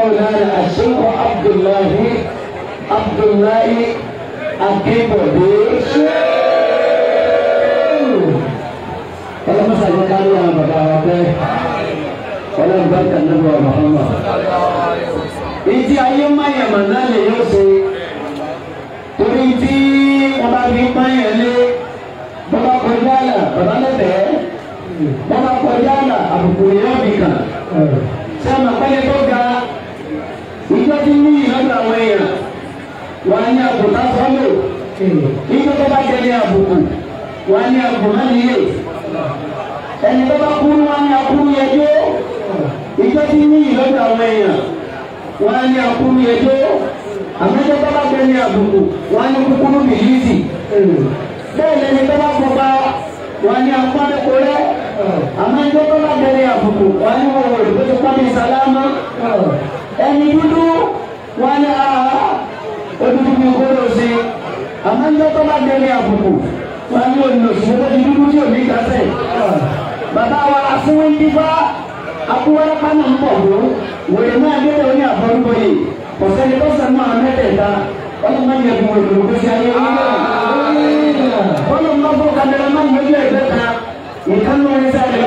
مولانا الشيخ عبد الله عبد الله akébọ̀dé ọlọ́mọ sàgbé kárí àwọn bàbá Kalau pẹ́ ọlọ́mọ bá kà ní bọ̀ mọ̀ọ́mọ̀. ìdí ayé mayàmà náà lè yóò ṣe torí tí wọ́n bá fi mayàn lé bàbá kọjá àlà bàbá lẹ́tẹ̀ẹ́ bàbá bá ti ní ìlọ́dọ̀ àwọn èèyàn wà á ní àbùkà fọ́lò nígbà tó bá jẹ ní àbùkù wà á ní àbùkà nílé ẹni tó bá kúrú wà á ní akúrú yẹjọ́ ìjọ ti ní ìlọ́dọ̀ àwọn èèyàn wà á ní akúrú yẹjọ́ àmọ́jọ́ tó bá jẹ ní àbùkù wà á ní kúkúrú bìlíìtì bẹ́ẹ̀ lẹni tó bá kọpa wà á ní akọ́dẹ́kọ́rẹ́ àmọ́jọ́ tó bá jẹ ní àbùkù wà á ní wọ̀wọ̀ ìgbésẹ̀ pàmì sálámà ẹni dúdú wọn ní ara ah, odúdú ní gbọ́dọ̀ sí àmọ́ ní ọtọ́ bá gbé ní àbùkù wọn ní òní òṣìṣẹ́ tó di dúdú tí ò ní kásẹ̀ bàbá wa afúnwé dífá akúwárẹ́ pánà ń bọ̀ wò wòye náà gbẹ́dẹ̀ ó ní àbọ̀rúkọ yìí kọ̀sẹ́ni tó sàn náà mẹ́tẹ̀ẹ̀ta ọlọ́mọ yẹ kó olùkọ́ gbèsè ayé wọn náà ọlọ́mọ bọ̀ kàmẹ́rẹ́ má mú ẹgbẹ́ ẹgbẹ́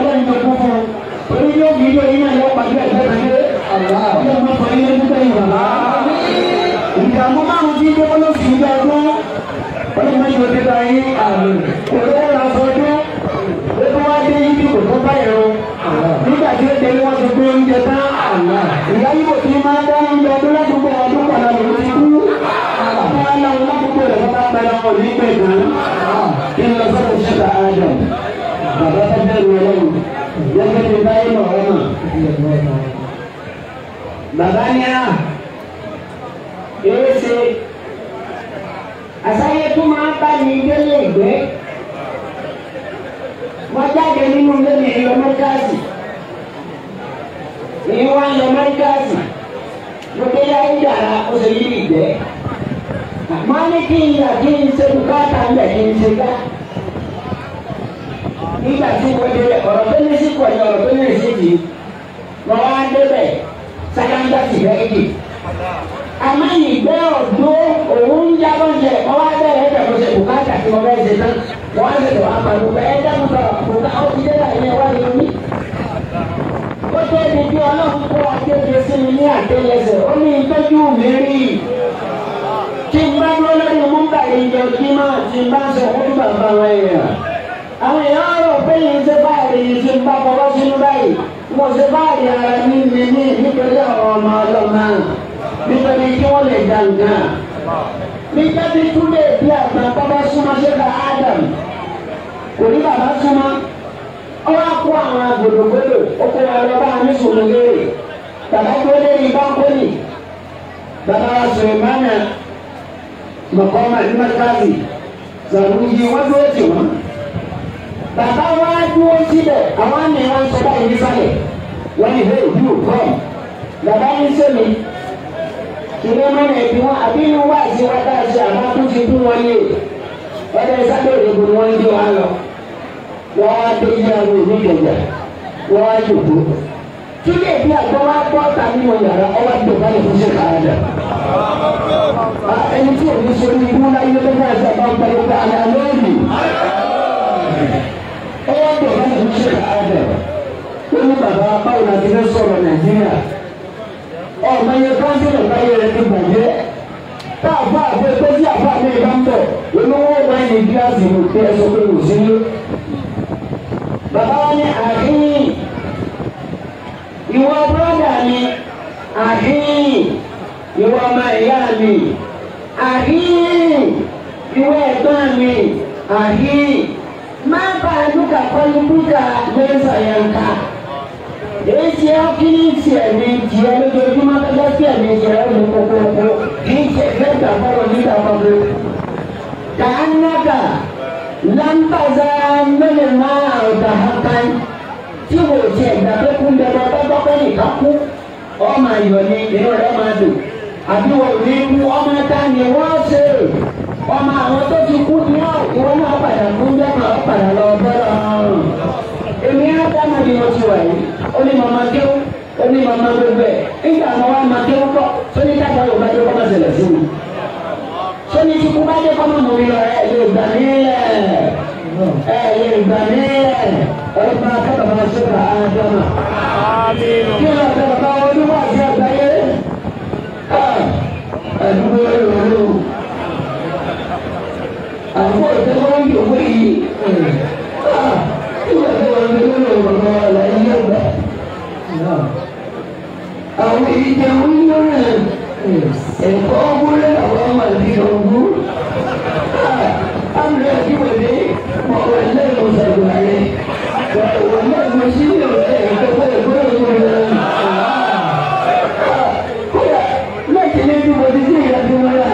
ọmọ kan yé nípa ìyàrá ìdààmú márùn tí gbogbo ló fi gbà ọdún wọn ni wọn yóò dé bá yín àmì òwe ra fọdún ó tó wá dé ibi kò tó bá yẹn o nígbà tí ó dé wọn ti gbé oúnjẹ tán ìyá yìí kò tí máa dáná. bàbá ní à yóò ṣe àṣàyẹ tó máa bá ní délé ìgbé wọ́n jáde nínú lẹ́nu ìlú mọ́tíkàsì ìyẹn wọ́n á lọ mọ́tíkàsì ló dé yá ń yàrá ó ṣe yí ìgbé àmọ́ ní kí n yà kí n ṣe bùkátà ń bẹ̀ kí n ṣe ká nígbà tí wọ́n dé ọ̀rọ̀ tó ní sí kọ̀ọ̀yọ̀ ọ̀rọ̀ tó ní sakanda sì bẹ́ẹ̀ dì. àmọ́ ìgbẹ́ ọ̀dọ́ òun ń jábọ̀ jẹ wọ́n wá bẹ̀rẹ̀ ẹ̀jẹ̀ kó ṣe bùkátà tí wọ́n bẹ́ẹ̀ ṣe tán wọ́n á tètè wá pàdé pé ẹ dẹ́kun sọ bùkà ó ti dé láì ní ẹwà ní omi. ó tó ẹni bí ọlọ́run kó akéde sí mi ní àtẹlẹsẹ̀ ó ní ìtọ́jú mi rí tí n bá dúró lórí múmbà ìjọ kí máa ti bá sọ fún bàbá wọn yẹn àwọn èèyàn rò pé yìí ń ṣe báyìí yìí ti ń bá bọ́ bá sínú báyìí mo ṣe báyìí ara mi mi ní nítorí àwọn ọmọ ọlọ́mọ nítorí kí wọ́n lè dà nǹkan. níjẹ́ bí túnde bí àgbà bábá súnmọ́ ṣe bá Adam kò ní bàbá súnmọ́ ó wá kó àwọn agbòdògbòdò ó kó wọn lọ bá a ní sòmù léèrè bàbá tó léèrè bá kó nì bàbá wa sọ̀rọ̀ mọ́nà mọ̀kọ́ máa ní mọ́tàbí sàrùn yìí wọ́n dúró tì wọ́n bàbá wa dúró síbẹ̀ àwọn àmì wọn sọ báyìí nísàlẹ̀ wọ́n ní hey you come bàbá ní sẹ́mi ìwé mọ́nà ẹ̀bí wọn àbí inú wá sí wa tá a ṣe àmọ́ kú ti dún wọn yé ọ̀dẹ̀ sábẹ́ òdòdó ni wọ́n ń dé wọn lọ wọ́n á dé ilé àwọn òbí ìjọba wọ́n á yòókù kílè bí àgbọ̀ wá gbọ́ tàbí wọn yàrá ọwọ́ tó bá lè fi ṣe kàrà dà. ẹni tí òbí ṣe ní ibú láyé lọ́wọ́ ẹ̀sẹ̀ bá ń ṣe àbẹ̀ wọ́n ní bàbá báwo la ti fẹ́ sọ̀rọ̀ nàìjíríà ọmọ yẹn kánsílò táyé rẹ ti bàjẹ́ tá a fọ àfẹ tó sí àfọ àfẹ ìbá ń bọ̀ olówó máa ń ní gíláàsì ló pé ẹsọ pé kò sí lé. bàbá wa ní àdínyìn ìwọ bọ́dà ni àdínyìn ìwọ ọmọ ìyá mi àdínyìn ìwọ ẹ̀gbọ́n mi àdínyìn mabaduka kɔlikuta gbɛnsɛnyanka esi ɔkini tiɛ ni tiɛ ni dojuma kaka tiɛ ni tiɛ ni kokoko ni tiɛ fɛn ta kɔrɔ ni ta kɔrɔ k'an naka lampaza mɛlɛ maa o ta hakan tí o tiɛ gbàgbé kun bɛ bɔ bɔ bɔ ni ka ku ɔmà yɔ ni ìrora ma do àbí wò ní wọ́n máa ta ni wọ́n ṣe ọmọ àwọn tó ti kú ní ìwọ náà padà fún jẹ́nà ó padà lọ bẹ́rẹ̀ ọ̀run. èmi á dáná bí mo ti wà yìí ó ní màmá kéwú ó ní màmá gbogbo ẹ̀ nígbà àwọn wa máa kéwú pọ̀ sóní kájà yóò bá dé kọ́ máa ṣẹlẹ̀ sí mi. sóní tí kú bá dé kọ́ máa mú mi lọ ẹ̀ lè gbà mí lẹ̀ ẹ̀ lè gbà mí lẹ̀ ọ̀rọ̀ bá kọ́ bàbá sọ́kà ádámà. kí ló ń bá bàbá wọ وما لا يبقى àwọn ìdè onímọ̀ràn àwọn ọmọ àti ọ̀gbọ́n àmì ẹ̀kí wẹ̀lé ọ̀rọ̀ ẹ̀lẹ́yìn ọ̀sàgbọ̀n rẹ̀ wà lẹ́gbẹ̀ẹ́ sí ọ̀rọ̀ ẹ̀kọ́ ẹ̀kọ́ ẹ̀kọ́ rẹ̀. kódà láti lé bí mo ti sí ìyá tí wọ́n rà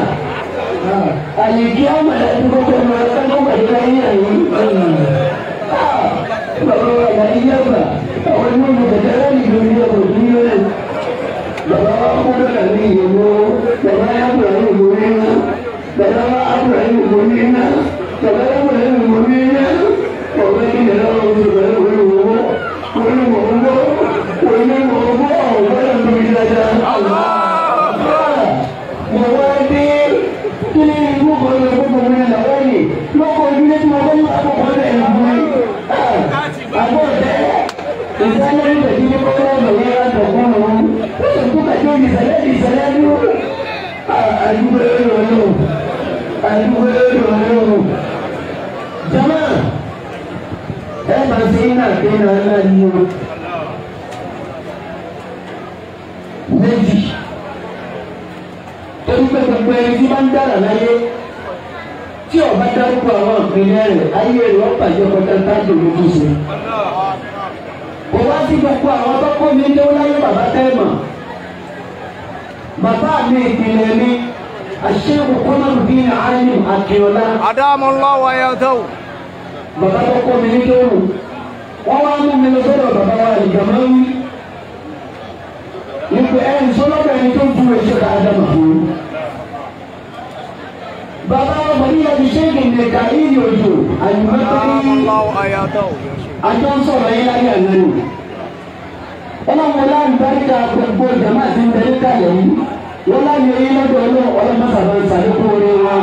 àyè kí á mọ̀ láti kọ́kọ́ mọ̀ ọ́ sọ́kọ́ pẹ̀lú ayé àyè. Allah. Muhammadin tsakanin da biyu ko da wera da kuma wannan kuka ce ni zale ni zale ni a duba yaro yaro a duba yaro yaro jama'a ɗan ba sai yana kai na wannan yaro méjì torí pé gbogbo ẹni tí máa ayé rẹ̀ ọ̀pàjọ́ kọjá tájò tó ṣe kò wá sí gbogbo àwọn tó kó mi tó láyé bàbá tẹ́lẹ̀mọ̀ bàbá mi ìpìlẹ̀ mi àṣẹ́wò kọ́mọ̀lù bíi àánú àkìọ́lá. àdámọ́ lọ́wọ́ ẹ̀yọ́ tó. bàbá tó kó mi ní tó wù wọ́n wá mú mi lọ sọ́dọ̀ bàbá wa ìgbàmọ́ wí. ìpè ẹ̀ ń sọ́lọ́dọ̀ ẹni tó ju èso ká ádámà fún. bàbá wa mọ̀ nígbà tí ṣé kìnìkan ìyòjò àyùmọ́ tó ń. àdámọ́ lọ́wọ́ ẹ̀yọ́ tó àjọ ń sọ̀rọ̀ yín láyé àná ni ọlọ́run láàbáríkà gbogbo jama ti ń tẹ̀lé kálẹ̀ yìí wọ́n láyé yín lọ́dọ̀ ọlọ́run ọlọ́run sábà ń sàlẹ̀ kó orin wọn.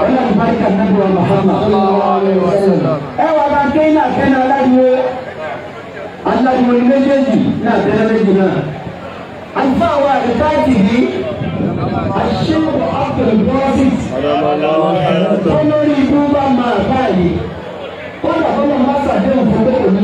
ọlọ́run nàbí wa Muhammad ẹ wà bá ké ní àfẹ́nà aláìwé aláìwé méjèèjì ní àfẹ́nà méjì náà àlùfáà wa àdìsáàtì yìí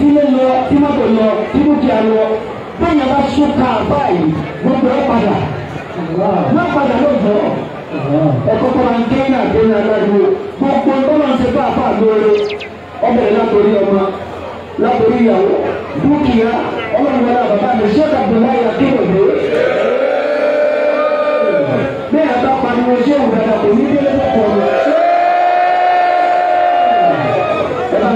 tí ló lọ tí mọ́tò lọ tí dúkìá lọ bẹ́ẹ̀ bá súnka báyìí gbogbo ẹ̀ padà wọ́n padà ló jọ ẹ̀kọ́ tó máa ń gé ní àgbéyìn aláìwò gbogbo tó máa ń ṣe bá àbá lóore ọbẹ̀rẹ̀ látòrí ọmọ látòrí ìyàwó dúkìá ọlọ́run wọn bàbá mi ṣé Abdullahi Akéwì dé bẹ́ẹ̀ bá pariwo ṣé òun dàda kò ní délé pọ̀ lọ.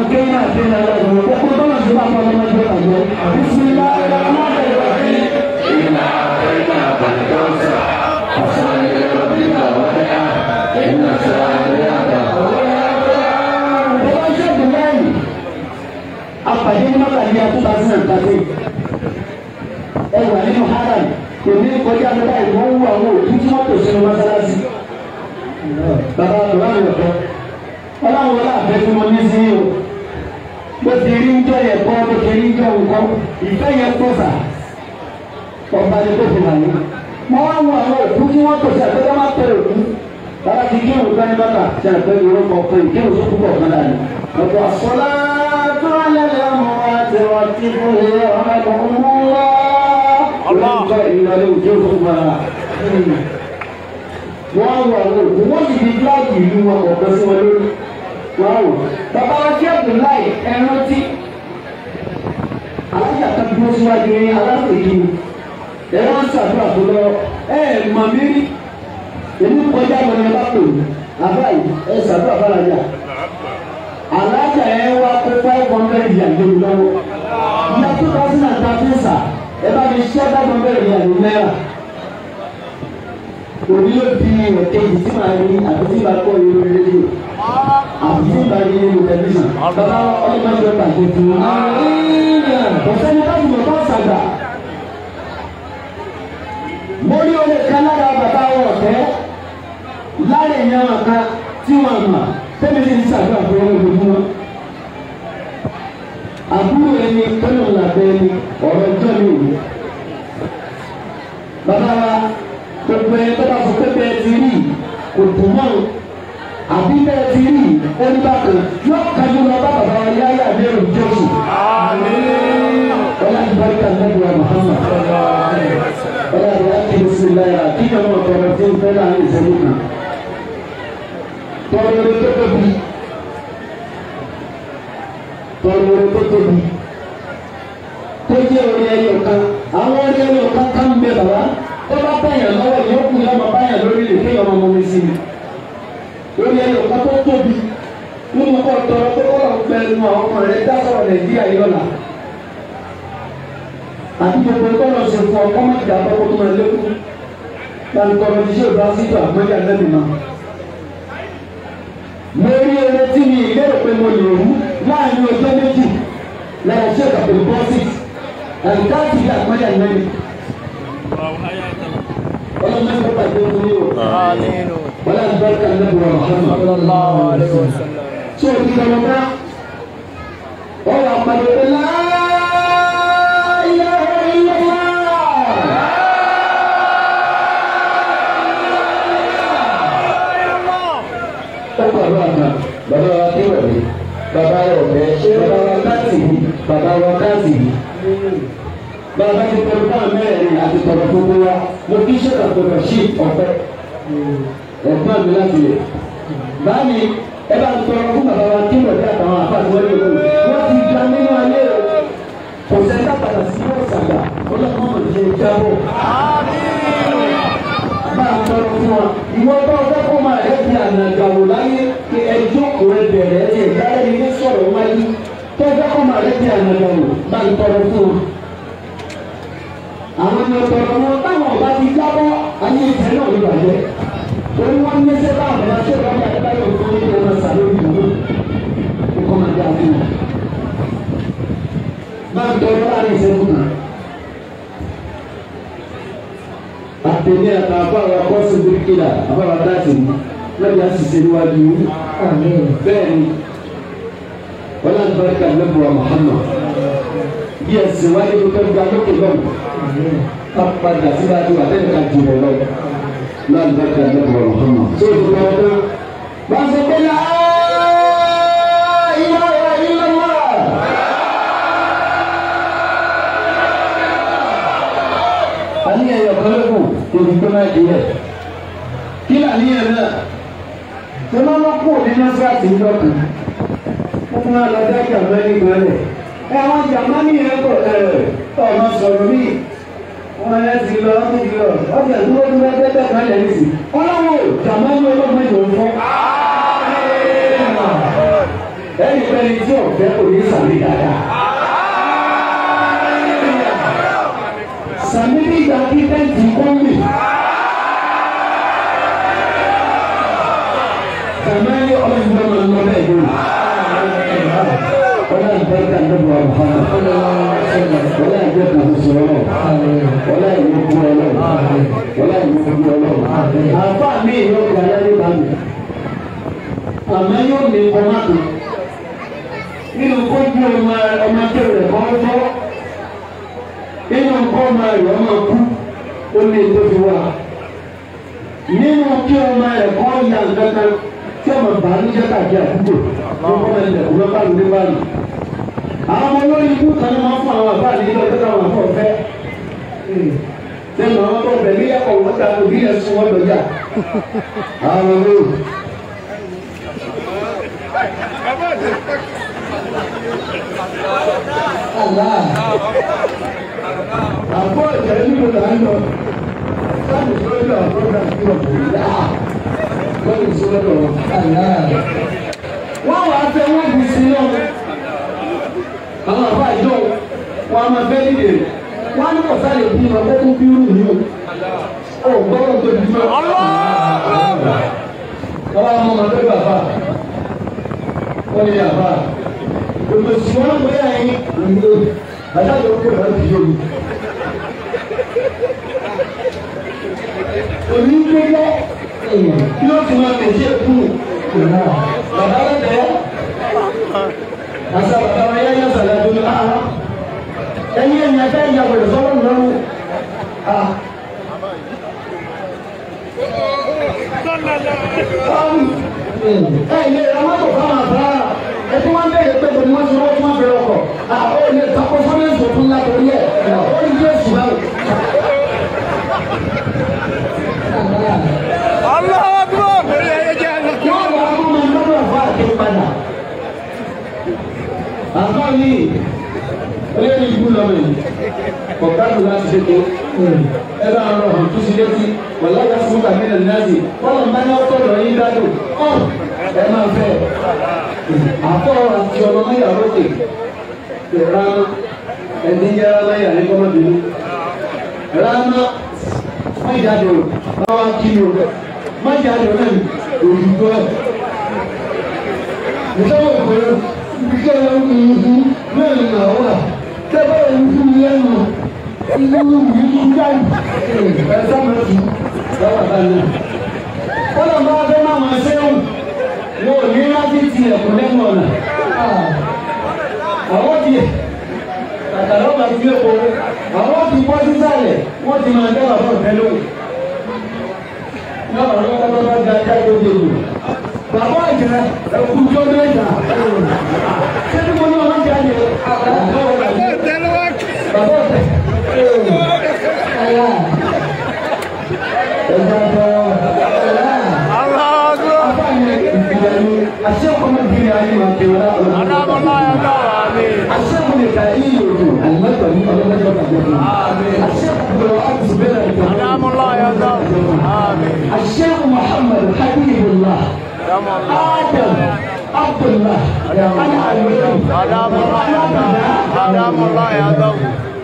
بين أيدينا يدعو يقول ضمن جماعة من يدعو بسم الله الرحمن الرحيم إنا أعطيناك الكوثر فصل لربك وانحر إن شانئك هو apàdé mọ́tàlí àtúntà sí ìtàgé ẹ wà nínú haram èmi kọjá lọ́dá ìwọ́n wú àwọn òbí tí wọ́n tò sínú mọ́sálásí bàbá bàbá mi ọ̀dọ́ ọlọ́run láàbẹ̀ tí mo ní sí o bó ti rí ń jọ yẹ kọ́ bó ti rí ń jọ nǹkan ìfẹ́ yẹn tó sà ọba ni tó fi wà ní. mo wá wo àwọn òkú tí wọ́n tò sí àgbẹ̀dẹ́ má tẹ̀lé òkú bàbá ti kí òun fẹ́ni bàtà tí a fẹ́ lórí ọkọ̀ fún ìkí òun sókú bọ̀ fúnra rẹ̀. ọ̀pọ̀ àsọlá tó lẹ́lẹ̀ mọ́ àti ọtí fún ilé ọmọkùnrin mú wá. olùkọ́ ìrọ̀lẹ́ òjò fún wa. Hmm. wọ́n wọ àwọn òkú wọ́n ti di gíláàsì ìlú wọn ọ̀pọ̀ sí wọn lórí wọ́n bàbá wa sí abdullahi ẹran tí alájà kan dúró síwájú ní aláṣẹjì ẹ wá ń ṣàdúrà tó lọ ẹ mọ̀ mí rí èmi kọjá lọ ní bàbá òun àbáyé ẹ ṣàdúrà fàlàjà alájà ẹ wá kó five hundred yàgbé lọ́wọ́ yàtọ̀ tó sí náà tàbí sà ẹ bá mi ṣẹ́ five hundred yàgbé òní yóò di ọ̀kẹ́ yìí tí màá rí àbí tí màá kọ́ ìròyìn rédíò àti ìbàdí nínú tẹlifíṣàn bàbá ọlọ́mọdé gbàgbé tó ọ̀sẹ́ni báyìí ló bá sàgbà mo rí olè kan lára bàbá wọn ọ̀tẹ́ lára èèyàn kan tí wọ́n mọ̀ tẹ́lẹ̀ ní sàgbà fún olóògbé fún wọn àbúrò ẹni tọ́lọ̀ làbẹ́ ẹni ọ̀rọ̀ ẹni. oníbàkan yóò kájú lọ bá bàbá wa yá yá ní èrò jésù. ọlá ìbárí kan náà wà mọ̀hánmà. ọlá ìbárí kan ní sílẹ̀ yà kí ni ọmọ tọrọ tí ń fẹ́ láàrin ìṣẹ́jú kan. tọrọ orí tó tóbi. tọrọ orí tó tóbi. tó jẹ́ orí ẹyọ kan àwọn orí ẹyọ kan ká ń bẹ bàbá tó bá báyàn lọ́wọ́ ìyókù yọmọ báyàn lórí lè kéèyàn ọmọ mi sí i. orí ẹyọ kan tó tóbi wọ́n tọrọ pé kọ́lọ̀ ń pẹ́ nu àwọn ọmọ rẹ dábọ̀ nàìjíríà yọ̀là àti gbogbo kọ́lọ̀ ṣe fún ọ kọ́mọ̀ ìjà tọ́kọ tó máa lékún lálùkọ́lọ́ ti ṣe ìbá síjọ àgbọ̀njà lẹ́nu náà. mo rí eré tí mi ìlérò pé mo lè rú láàrin ọjọ́ méjì lẹ́yìn ṣe ìkàpè bọ́sì àyíká ti ṣe àgbọ̀njà lẹ́nu. ọlọ́mọ ẹgbẹ́ pàdé mi ò wọ́n láti bá ká lẹ́nu ọ̀hún tí o ti lọ bá ọ wà pàdé pé láàyè ìlú wa. ó pàdé àná bàbá wa kí wọ̀ mí bàbá wa ọ̀fẹ́ bàbá wa káàsì mi bàbá wa káàsì mi. bàbá ti tọrọ fún àmẹ́rin àti tọrọ fún wa mo kí sọ̀rọ̀ tó kàn ọ̀fẹ́ ẹ̀gbọ́n mi láti yẹ. báyìí ẹ bá tọrọ fún bàbá wa kí wọ́n dé àtàwọn àfààní wọlé òkú wọ́n ti gba nínú ayé rẹ̀ kò sẹ́ńtà padà sí ọ̀sàgbà ọlọ́mọ òjì ìjábọ̀. bá a tọrọ fún wa ìwọ bá ọgbẹ́ kó máa rẹ̀ di ànàgàwò láyé kí ẹjọ́ kò rẹ bẹ̀rẹ̀ ẹ̀ ìdálẹ́ ilé sọ̀rọ̀ wáyé tó ọgbẹ́ kó máa rẹ̀ di ànàgàwò bá a tọrọ àwọn ọmọ ọba ti jábọ̀ ayé ìtẹ́ náà bàjẹ́ torí wọ́n ní ẹsẹ̀ bá àwọn ọmọ máa ń tọrọ láàrin ìṣẹ́jú kan. àtẹ̀lé àtà àbáwá kọ́sì bíríkìlà àbáwá dáàtì lọ́dí àṣìṣe níwájú bẹ́ẹ̀ ni wọ́n láti bá Muhammad bí ẹ̀sìn wáyé ló fẹ́ gba lókè lọ́wọ́ ká padà síwájú àtẹ̀lẹ́ka jù rẹ̀ lọ́wọ́ láti bá Muhammad. tó o ti gbọ́ ọdún láìpẹ́ rẹ̀ kí làníyàn náà tó máa lọ kú òní násírátì ń dọ̀kà ó máa lọ dá jàmánì gbọ́lẹ̀ ẹ àwọn jàmánì yẹn kọ̀ ẹ̀ ọ̀nà sọ̀rọ̀ mí wọn yẹn ti lọ ọ́n ti lọ ọ̀sẹ̀ tó wọ́n ti bá tẹ́tẹ́ kan lẹ́yìn sí ọlọ́wọ́ jàmánì ọlọ́gbọ́n yóò fọ́ ẹni pẹ́ni tí ọ̀fẹ́ kò ní sàmì dáadáa. sàmì nígbà tí bẹ́ẹ̀ ti kọ́ mi. ọlọ́run ìgbà máa ń lọ bẹ́ẹ̀ yóò ọlọ́run ìgbà ìgbà ìjọba ọ̀hún ọlọ́run ìgbà ìgbà ìjọba ọ̀hún àfa mi yóò gba lẹ́nu báyìí àmọ́ yóò ní ọmọ kan nínú kó ju ọmọ ọmọdé rẹ̀ kọ́ fọ́ nínú kó ọmọ rẹ̀ ọmọ kú ó ní ètò fi wá nínú kí ọmọ rẹ̀ kọ́ yà nǹkan kan bàbá níjẹ́ kàkí àdúgbò tó kọ́ ẹ̀lẹ̀ òwúrọ̀ bá lóde báyìí. àwọn ọmọ olórí ikú kan ní wọn fún àwọn àbá àdìyẹ lọ sí àwọn àbọ̀ fẹ́ sẹ́nu àwọn ọmọ bẹ̀rẹ̀ yẹ kọ̀ wọ́n ta òbí yẹn sún wọ́n lọ́jà. àwọn ọmọ Àbọ̀ ìjẹ́ nílò là ń lọ. Sáàmù sọ́jọ́ àbúrò náà ti wà lórí dáa lọ́yìn sọ́dọ̀ àyà rẹ̀. wọ́n wà á fẹ́ wọ́n bù sí náà àwọn àbá ìjọ wọn a máa fẹ́ dìde wọn á ní kọ̀sá lè bí ma kó tún bí rù ní o ò gbọ́dọ̀ tó di mọ́. wọ́n á mọ ọmọ tó bàbá wọ́n ní bàbá òmùsùn wọn gbé àyín òmùdó bàtà tó kó bàbá ti yóò òní gbé lọ kí ló ti máa mèjì èkú bàbá lẹ́tẹ̀ àṣà bàbá wa yẹ́ yẹ́ sàlẹ̀ tó ní àhá ẹ̀yìn ẹ̀yìn ẹ̀fẹ́ ìyá wẹ̀rẹ̀ sọ́wọ́ lọ́rùn à. ẹ̀yìn ẹ̀yìn ọmọ tó fọ́ màá fọ́ ẹ̀ tí wọ́n bẹ̀rẹ̀ pé kò ní wọ́n ti rọ́ fún àbẹ̀rẹ̀ ọkọ̀ àwọn. lọ́rùn yìí kọ̀ọ̀kan láti ṣe tó ẹ bá ń rọrùn tó ṣe létí wàlá yà fún tàbí nà nàásì wọ́n máa ń yàtọ̀ lọ yín dájú ọ̀ ẹ máa fẹ́ àtọ̀ àti ọmọ náyà lókè ìrànà ẹni yára náyà ní kọ́mọ́bìnrin rànà májáde o báwa kí ni o májáde o náà òyìnbó ẹ ìtọ́wọ̀ ìpẹ́rẹ́ ìgbésẹ̀ náà ń kú náà nà ó wà bẹ́ẹ̀ ń fi lẹ́nu inú yìí ń jáde ẹ̀ sọ́mọ́tì lọ́wọ́ báyìí. kọ́lọ̀ bá bẹ́ẹ̀ máa máa ṣéwù wọn ò ní láti ti ẹ̀kọ́ lẹ́nu ọ̀nà. àwọn ti tàtà lọ́ba ti lé koro àwọn ti bọ́ sísàlẹ̀ wọ́n ti máa dábàá fún ọ̀fẹ́ lóhùn. lọ́wọ́ lọ́wọ́ bá bá ga jáde ó dé lò. bàbá àjẹ́ ẹ̀kú tó dé ìjà. ṣé ní mo ní ọmọ jáde? الشيخ من في عليما في ولا أنا والله يا آمين الشيخ من كأي يوم المتن الله يبارك آمين الشيخ عبد الوهاب زبير أنا والله يا آمين الشيخ محمد حبيب الله آدم الله أنا عليم سلام الله يا سلام الله يا ذو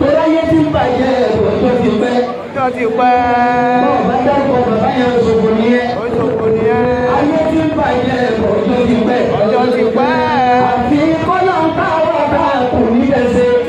ترى يتم بيه وتوتي بيه توتي بيه بابا بابا يا سبونيه سبونيه يتم بيه وتوتي بيه توتي بيه àfi kọ́lọ́ ń bá wà bá kò ní bẹ́sẹ̀.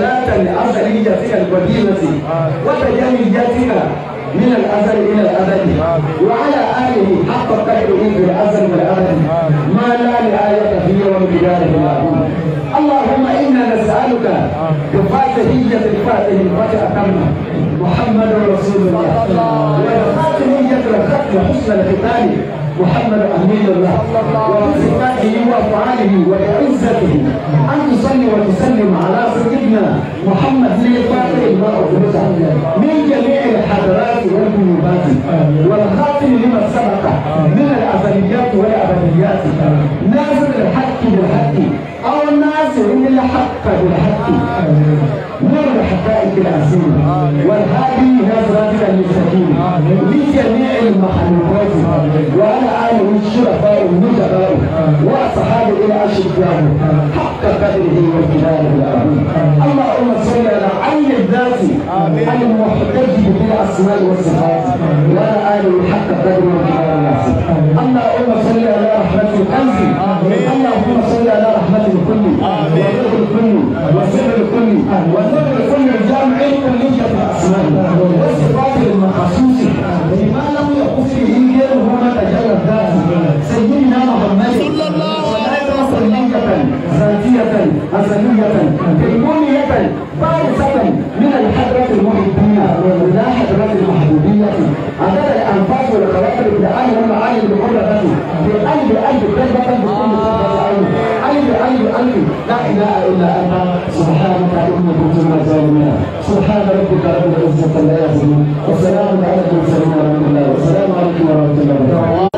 صلاة لأصل في القديمة وتجلياتها من الأزل إلى الأبد وعلى آله حق قدره في الأزل والأبد ما لا نهاية فيه وامتداده معه اللهم إنا نسألك بفاتحية الفاتح وتأتمه محمد رسول الله وبفاتحية الختم حسن الختام محمد امين الله وبصفاته وافعاله وعزته ان تصلي وتسلم على سيدنا محمد الفاتح المرأة من جميع الحضارات والقلوبات والخاتم لما سبق من الازليات والابديات نازل الحق بالحق او الناصر الحق بالحق نور الحقائق العظيمه والهادي وسواه حق قدره وامتنانه العظيم اللهم صل على عين الذات المحتج بالاسماء والصفات وعلى اله حق قدره إله إلا أنت سبحانك إني كنت من الظالمين سبحان ربك رب العزة لا يصفون وسلام على المرسلين والحمد لله والسلام عليكم ورحمة الله وبركاته